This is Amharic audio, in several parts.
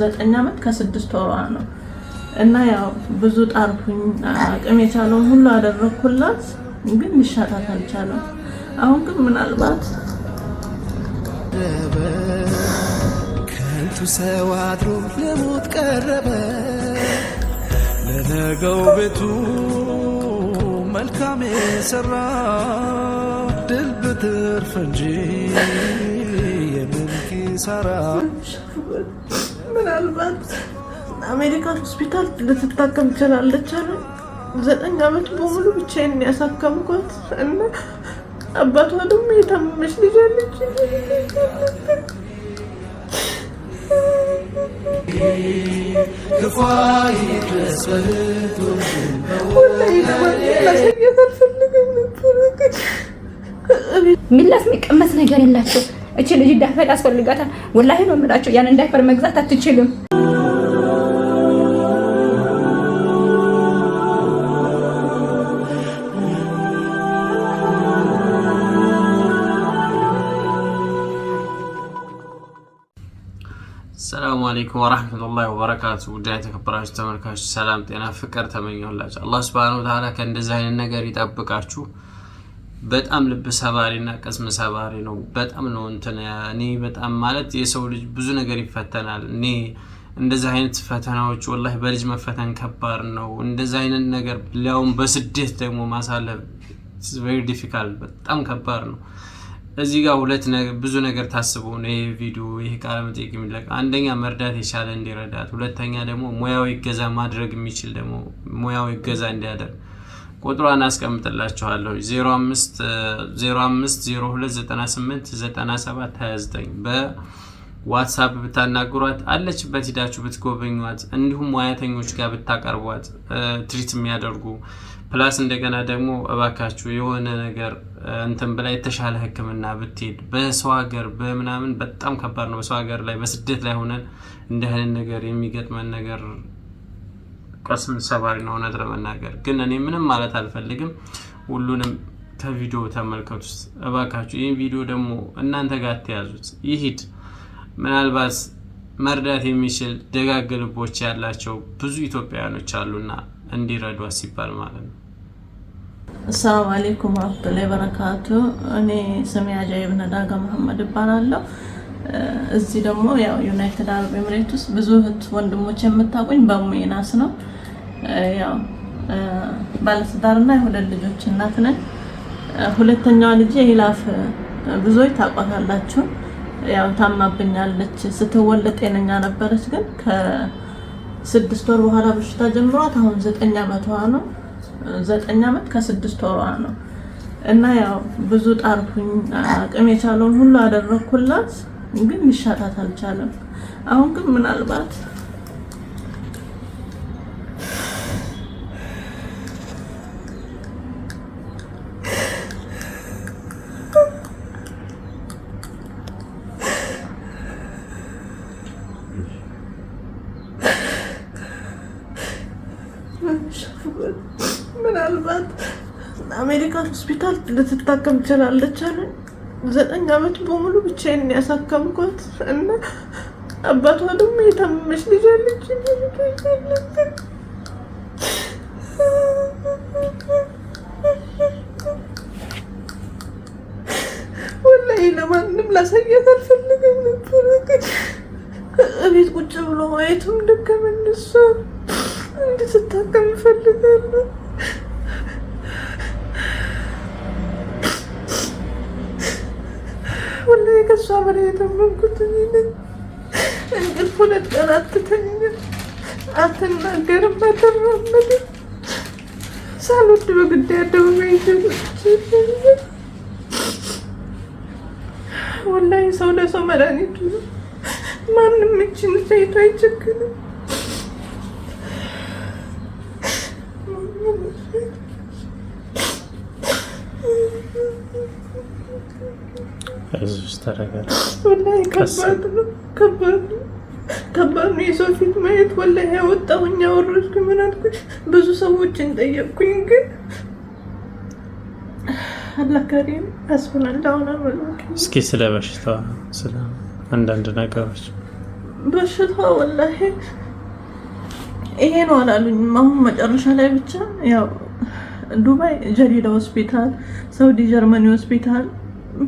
ዘጠኝ አመት ከስድስት ወሯ ነው እና ያው ብዙ ጣርኩኝ፣ አቅም የቻለውን ሁሉ አደረግኩላት፣ ግን ይሻጣት አልቻለም። አሁን ግን ምናልባት ከንቱ ሰው አድሮ ለሞት ቀረበ ለነገው ቤቱ መልካም የሰራ ድል ብትርፍ እንጂ የምን ኪሳራ ምናልባት አሜሪካ ሆስፒታል ልትታከም ትችላለች አለ። ዘጠኝ ዓመት በሙሉ ብቻዬን ያሳከምኳት እና አባቷ ደግሞ የታመመች ልጅ አለች። ሚላስ የሚቀመስ ነገር የላቸው እቺ ልጅ ዳይፐር ያስፈልጋታል። ወላሂ ነው የምላቸው። ያንን ዳይፐር መግዛት አትችልም። ሰላሙ አለይኩም ወራህመቱላሂ ወበረካቱ። ውድ የተከበራችሁ ተመልካቾች ሰላም፣ ጤና፣ ፍቅር ተመኘሁላችሁ። አላህ ሱብሃነሁ ወተዓላ ከእንደዚህ አይነት ነገር ይጠብቃችሁ። በጣም ልብ ሰባሪ እና ቅስም ሰባሪ ነው። በጣም ነው እንትን እኔ በጣም ማለት የሰው ልጅ ብዙ ነገር ይፈተናል። እኔ እንደዚህ አይነት ፈተናዎች ወላሂ በልጅ መፈተን ከባድ ነው። እንደዚህ አይነት ነገር ሊያውም በስደት ደግሞ ማሳለፍ ቬሪ ዲፊካልት በጣም ከባድ ነው። እዚህ ጋር ሁለት ብዙ ነገር ታስቦ ነው ይህ ቪዲዮ ይህ ቃለ መጠይቅ የሚለቅ። አንደኛ መርዳት የቻለ እንዲረዳት፣ ሁለተኛ ደግሞ ሙያዊ እገዛ ማድረግ የሚችል ደግሞ ሙያዊ እገዛ እንዲያደርግ ቁጥሯን አስቀምጥላችኋለሁ 0502989729 በዋትሳፕ ብታናግሯት አለችበት ሂዳችሁ ብትጎበኟት፣ እንዲሁም ሙያተኞች ጋር ብታቀርቧት ትሪት የሚያደርጉ ፕላስ እንደገና ደግሞ እባካችሁ የሆነ ነገር እንትን ብላ የተሻለ ሕክምና ብትሄድ በሰው ሀገር በምናምን በጣም ከባድ ነው። በሰው ሀገር ላይ በስደት ላይ ሆነን እንደህንን ነገር የሚገጥመን ነገር ቀስም ሰባሪ ነው። እውነት ለመናገር ግን እኔ ምንም ማለት አልፈልግም። ሁሉንም ከቪዲዮ ተመልከቱት እባካችሁ። ይህን ቪዲዮ ደግሞ እናንተ ጋር ተያዙት ይሂድ። ምናልባት መርዳት የሚችል ደጋግ ልቦች ያላቸው ብዙ ኢትዮጵያውያኖች አሉና እንዲረዷ ሲባል ማለት ነው። አሰላሙ አሌይኩም ረቱላይ በረካቱ። እኔ ስሜ አጃይብ ነዳጋ መሐመድ እባላለሁ። እዚህ ደግሞ ያው ዩናይትድ አረብ ኤምሬት ውስጥ ብዙ እህት ወንድሞች የምታውቁኝ በሙናስ ነው። ያው ባለትዳርና የሁለት ልጆች እናት ነን። ሁለተኛዋ ልጅ ሂላፍ ብዙዎች ታቋታላችሁ። ያው ታማብኛለች። ስትወለድ ጤነኛ ነበረች፣ ግን ከስድስት ወር በኋላ በሽታ ጀምሯት አሁን ዘጠኝ ዓመቷ ነው። ዘጠኝ ዓመት ከስድስት ወሯ ነው እና ያው ብዙ ጣርኩኝ፣ አቅም የቻለውን ሁሉ አደረግኩላት፣ ግን ይሻጣት አልቻለም። አሁን ግን ምናልባት ምናልባት አሜሪካ ሆስፒታል ልትታከም ትችላለች አለ። ዘጠኝ አመት በሙሉ ብቻዬን ያሳከምኳት እና አባቷ ደግሞ የታመመች ልጅ አለች። ወላሂ ለማንም ላሳያት አልፈልግም ነበረ። እቤት ቁጭ ብሎ ማየቱም ደከመኝ እሷ ስታከም እፈልጋለሁ። ወላሂ ከእሷ በላይ የታመምኩት እኔ ነኝ። እንቅልፍ ሁለት ቀን አትተኛም፣ አትናገርም፣ አትራመድም። ሳልወድ በግዳይ አደባባይ ወላሂ ሰው ለሰው መድኃኒቱ ነው። ማንም እችን ሴቷ አይቸግንም። አይዞሽ ተረጋጋ። ወላሂ ከባድ ነው፣ የሰው ፊት ማየት። ወላሂ ያወጣሁኝ አወረድኩኝ፣ ምን አልኩኝ፣ ብዙ ሰዎችን ጠየቅኩኝ፣ ግን አላካሪም ያስሆናል። አሁን አመለ እስኪ ስለ በሽታ ስለ አንዳንድ ነገሮች በሽታ ወላሂ ይሄ ነው አላሉኝም። አሁን መጨረሻ ላይ ብቻ ያው ዱባይ ጀዲዳ ሆስፒታል፣ ሳውዲ ጀርመኒ ሆስፒታል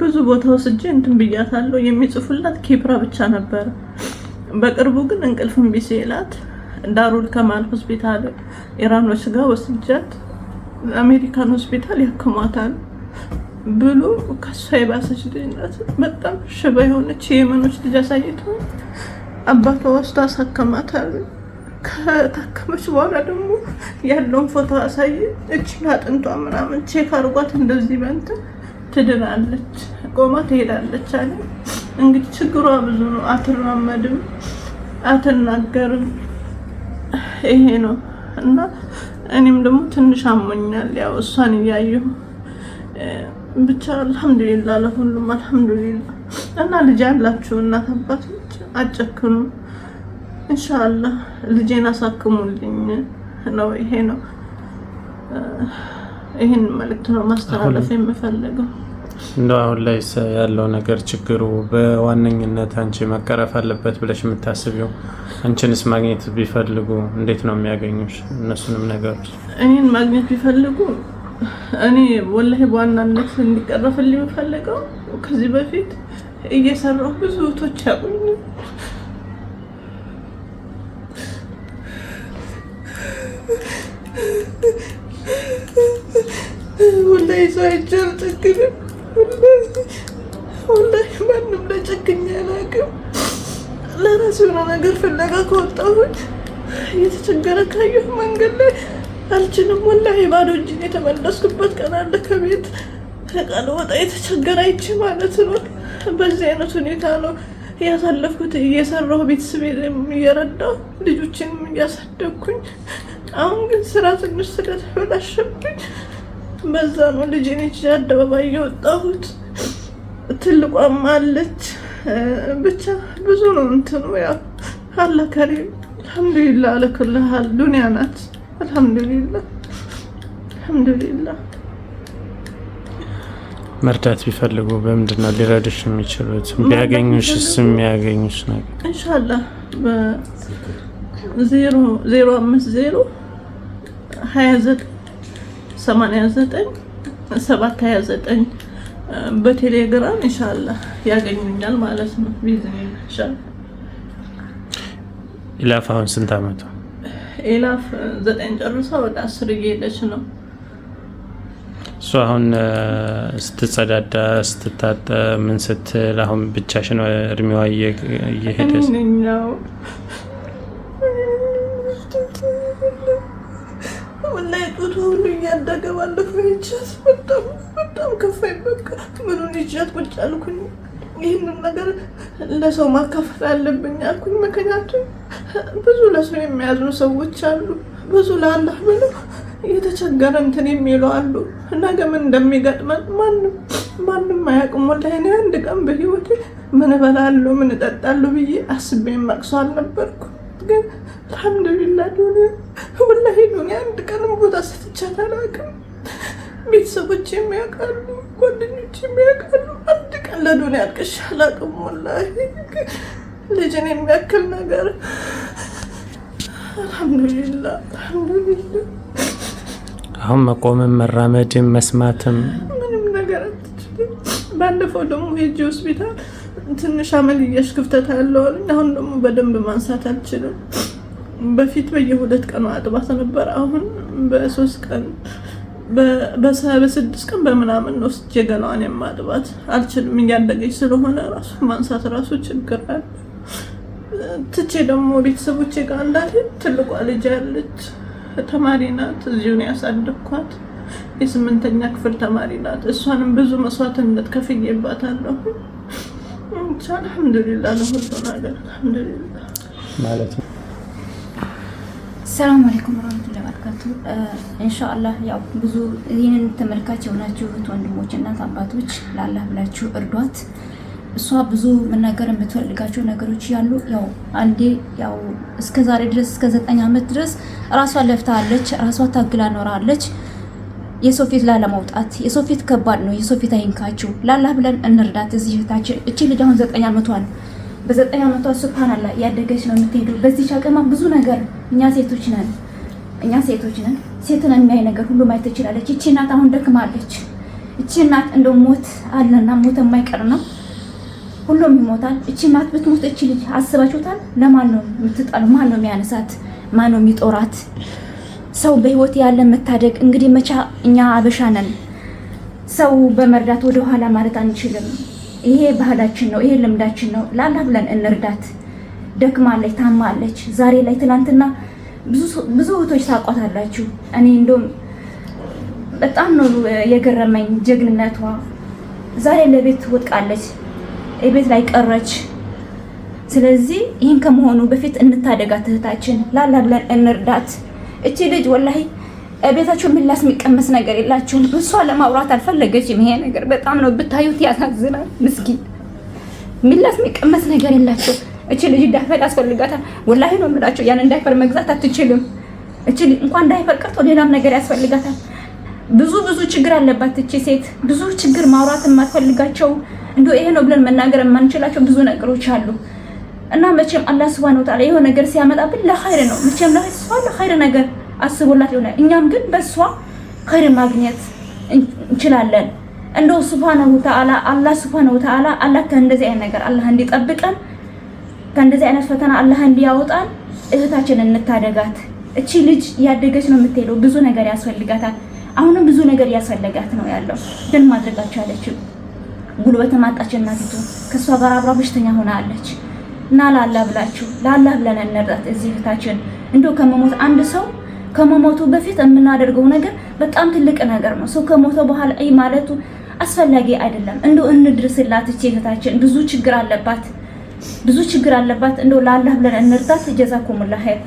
ብዙ ቦታ ወስጄ እንትን ብያታለሁ። የሚጽፉላት ኬፕራ ብቻ ነበር። በቅርቡ ግን እንቅልፍ ቢሴላት ዳሩል ከማል ሆስፒታል ኢራኖች ጋር ወስጃት አሜሪካን ሆስፒታል ያክሟታል ብሎ ከሷ የባሰች ልጅ ናት። በጣም ሽባ የሆነች የየመኖች ልጅ አሳይቶ አባቷ ወስዶ አሳከማታል። ከታከመች በኋላ ደግሞ ያለውን ፎቶ አሳይ እችን አጥንቷ ምናምን ቼክ አርጓት እንደዚህ በንትን ትድናለች፣ ቆማ ትሄዳለች አለ። እንግዲህ ችግሯ ብዙ ነው። አትራመድም፣ አትናገርም። ይሄ ነው እና እኔም ደግሞ ትንሽ አሞኛል። ያው እሷን እያየሁ ብቻ አልሐምዱሊላ፣ ለሁሉም አልሐምዱሊላ። እና ልጅ ያላችሁ እናት አባቶች አጨክኑ፣ እንሻላ ልጄን አሳክሙልኝ ነው። ይሄ ነው ይህን መልእክት ነው ማስተላለፍ የምፈልገው። እንደ አሁን ላይ ያለው ነገር ችግሩ በዋነኝነት አንቺ መቀረፍ አለበት ብለሽ የምታስቢው አንቺንስ ማግኘት ቢፈልጉ እንዴት ነው የሚያገኙሽ? እነሱንም ነገር ይህን ማግኘት ቢፈልጉ እኔ ወላሂ በዋናነት እንዲቀረፍልኝ የምፈልገው ከዚህ በፊት እየሰራሁ ብዙ እህቶች ያቁኝ ወላሂ ሰው አይቼ አልጨክንም። ወላሂ ማንም ላይ ጨክኜ አላውቅም። ለራሴ የሆነ ነገር ፍለጋ ከወጣሁኝ እየተቸገረ ካየሁ መንገድ ላይ አልችልም። ወላሂ ባዶ እጅን የተመለስኩበት ቀን አለ። ከቤት ቃል ወጣ የተቸገረ አይቼ ማለት ነው። በዚህ አይነት ሁኔታ ነው ያሳለፍኩት። እየሰራሁ ቤተሰቤንም እየረዳሁ ልጆችንም እያሳደግኩኝ አሁን ግን ስራ ትንሽ ስለተበላሸብኝ በዛ ነው ልጄን ይዤ አደባባይ የወጣሁት። ትልቋም አለች። ብቻ ብዙ ነው እንትኑ ያ አለ ከሪም አልሐምዱሊላ አለክልሃል ዱኒያ ናት። አልሐምዱሊላ አልሐምዱሊላ። መርዳት ቢፈልጉ በምንድን ነው ሊረዱሽ የሚችሉት? ቢያገኙሽ ስም ያገኙሽ ነገር እንሻላ በዜሮ ዜሮ አምስት ዜሮ ሀያ ዘጠኝ 89 729 በቴሌግራም ኢንሻላህ ያገኙኛል ማለት ነው። ቢዝኔስ ይሻል ኢላፍ አሁን ስንት አመቱ? ኢላፍ ዘጠኝ ጨርሳ ወደ አስር እየሄደች ነው። እሱ አሁን ስትጸዳዳ ስትታጠ ምን ስትል አሁን ብቻሽን እድሜዋ እየሄደ ነው። ይቻት በጣም በጣም ከፋይ። በቃ ምኑን ይቻት ቁጭ አልኩኝ። ይህንን ነገር ለሰው ማካፈል አለብኝ አልኩኝ። ምክንያቱም ብዙ ለሰው የሚያዝኑ ሰዎች አሉ፣ ብዙ ለአላህ ብለው የተቸገረ እንትን የሚሉ አሉ። ነገ ምን እንደሚገጥመን ማንም ማንም አያውቅም። ወላሂ እኔ አንድ ቀን በህይወቴ ምን እበላለሁ ምን እጠጣለሁ ብዬ አስቤ ማቅሶ አልነበርኩ። ግን አልሐምዱሊላህ ዱኒያ ወላሂ ዱኒያ አንድ ቀንም ቦታ ስትቻት አላውቅም። ቤተሰቦች የሚያውቃሉ፣ ጓደኞች የሚያውቃሉ። አንድ ቀን ለዶን ያልቅሽ አላቅም። ወላሂ ልጅን የሚያክል ነገር አልሐምዱሊላ አልሐምዱሊላ። አሁን መቆምም መራመድም መስማትም ምንም ነገር አትችልም። ባለፈው ደግሞ ሄጂ ሆስፒታል ትንሽ አመልያሽ ክፍተት ያለው አሁን ደግሞ በደንብ ማንሳት አልችልም። በፊት በየሁለት ቀኑ አጥባት ነበር፣ አሁን በሶስት ቀን በስድስት ቀን በምናምን ውስጥ ጀገናዋን የማጥባት አልችልም። እያደገች ስለሆነ ራሱ ማንሳት ራሱ ችግር አለ። ትቼ ደግሞ ቤተሰቦቼ ጋር እንዳለ ትልቋ ልጅ ያለች ተማሪ ናት። እዚሁን ያሳድግኳት የስምንተኛ ክፍል ተማሪ ናት። እሷንም ብዙ መስዋዕትነት ከፍዬባታለሁ። ብቻ አልሐምዱሊላ ለሁሉ ነገር አልሐምዱሊላ ማለት ነው። ሰላም አለይኩም ወራህመቱላሂ ወበረካቱ። ኢንሻአላህ ያው ብዙ ይህንን ተመልካች የሆናችሁ እህት ወንድሞች፣ እናት አባቶች ለአላህ ብላችሁ እርዷት። እሷ ብዙ መናገር የምትፈልጋቸው ነገሮች ያሉ ያው አንዴ ያው እስከ ዛሬ ድረስ እስከ ዘጠኝ ዓመት ድረስ ራሷ ለፍታለች፣ ራሷ ታግላ ኖራለች። የሰው ፊት ላለመውጣት የሰው ፊት ከባድ ነው። የሰው ፊት አይንካችሁ፣ ለአላህ ብለን እንርዳት። እዚህ እህታችን እቺ ልጅ አሁን ዘጠኝ ዓመቷ ነው። በዘጠኝ ዓመቷ ሱብሃንአላህ ያደገች ነው የምትሄደው። በዚህ አቅማ ብዙ ነገር እኛ ሴቶች ነን፣ እኛ ሴቶች ነን። ሴትን የሚያይ ነገር ሁሉ ማየት ትችላለች። እቺ እናት አሁን ደክማለች። እቺ እናት እንደ ሞት አለና ሞት የማይቀር ነው፣ ሁሉም ይሞታል። እቺ እናት ብትሞት እቺ ልጅ አስባችሁታል? ለማን ነው የምትጠሉ? ማን ነው የሚያነሳት? ማን ነው የሚጦራት? ሰው በህይወት ያለ መታደግ እንግዲህ መቻ እኛ አበሻ ነን። ሰው በመርዳት ወደኋላ ማለት አንችልም። ይሄ ባህላችን ነው። ይሄ ልምዳችን ነው። ላላ ብለን እንርዳት። ደክማለች፣ ታማለች። ዛሬ ላይ ትናንትና ብዙ እህቶች ታውቋታላችሁ። እኔ እንደውም በጣም ነው የገረመኝ ጀግንነቷ። ዛሬ ለቤት ወጥቃለች፣ የቤት ላይ ቀረች። ስለዚህ ይህን ከመሆኑ በፊት እንታደጋት፣ እህታችን ላላ ብለን እንርዳት። እቺ ልጅ ወላሂ ቤታቸው ምላስ የሚቀመስ ነገር የላቸውም። እሷ ለማውራት አልፈለገችም። ይሄ ነገር በጣም ነው ብታዩት ያሳዝናል። ምስኪን የሚላስ የሚቀመስ ነገር የላቸው እቺ ልጅ ዳይፐር ያስፈልጋታል። ወላሂ ነው የምላቸው። ያንን ዳይፐር መግዛት አትችልም። እቺ እንኳን ዳይፐር ቀርቶ ሌላም ነገር ያስፈልጋታል። ብዙ ብዙ ችግር አለባት እቺ ሴት። ብዙ ችግር ማውራት የማትፈልጋቸው እንዶ ይሄ ነው ብለን መናገር የማንችላቸው ብዙ ነገሮች አሉ። እና መቼም አላህ ሱብሃነሁ ወተዓላ ይሄው ነገር ሲያመጣብን ለኸይር ነው። መቼም ለኸይር ነገር አስቦላት ይሆናል። እኛም ግን በሷ ኸይር ማግኘት እንችላለን። እንደው ሱብሃነሁ ወተዓላ አላህ ሱብሃነሁ ወተዓላ አላህ ከእንደዚህ አይነት ነገር አላህ እንዲጠብቀን ከእንደዚህ አይነት ፈተና አላህ እንዲያወጣን እህታችን እንታደጋት። እቺ ልጅ እያደገች ነው የምትሄደው። ብዙ ነገር ያስፈልጋታል። አሁንም ብዙ ነገር እያስፈለጋት ነው ያለው፣ ግን ማድረግ አልቻለችም። ጉልበት ማጣች እናቲቱ ከእሷ ጋር አብራ በሽተኛ ሆና እና ላላ ብላችሁ ላላህ ብለን እንርዳት። እዚህ እህታችን እንዲሁ ከመሞት አንድ ሰው ከመሞቱ በፊት የምናደርገው ነገር በጣም ትልቅ ነገር ነው። ሰው ከሞተ በኋላ አይ ማለቱ አስፈላጊ አይደለም። እንዲሁ እንድርስላት። እህታችን ብዙ ችግር አለባት። ብዙ ችግር አለባት። እንደው ለአላህ ብለን እንርዳት። ጀዛኩሙላህ ኸይር